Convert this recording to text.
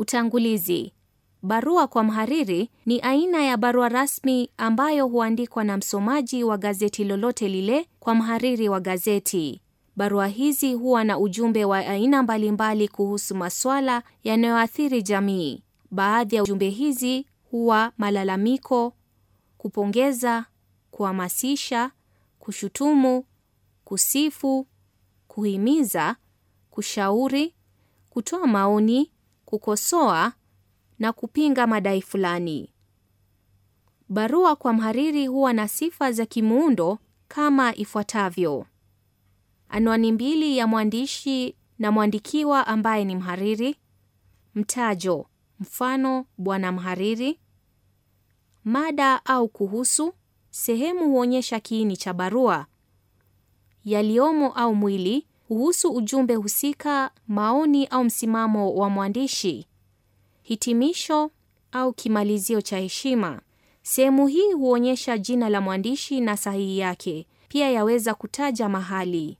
Utangulizi. Barua kwa mhariri ni aina ya barua rasmi ambayo huandikwa na msomaji wa gazeti lolote lile kwa mhariri wa gazeti. Barua hizi huwa na ujumbe wa aina mbalimbali kuhusu masuala yanayoathiri jamii. Baadhi ya ujumbe hizi huwa malalamiko, kupongeza, kuhamasisha, kushutumu, kusifu, kuhimiza, kushauri, kutoa maoni, kukosoa na kupinga madai fulani. Barua kwa mhariri huwa na sifa za kimuundo kama ifuatavyo: anwani mbili ya mwandishi na mwandikiwa ambaye ni mhariri, mtajo, mfano bwana mhariri, mada au kuhusu, sehemu huonyesha kiini cha barua, yaliyomo au mwili huhusu ujumbe husika, maoni au msimamo wa mwandishi. Hitimisho au kimalizio cha heshima. Sehemu hii huonyesha jina la mwandishi na sahihi yake. Pia yaweza kutaja mahali.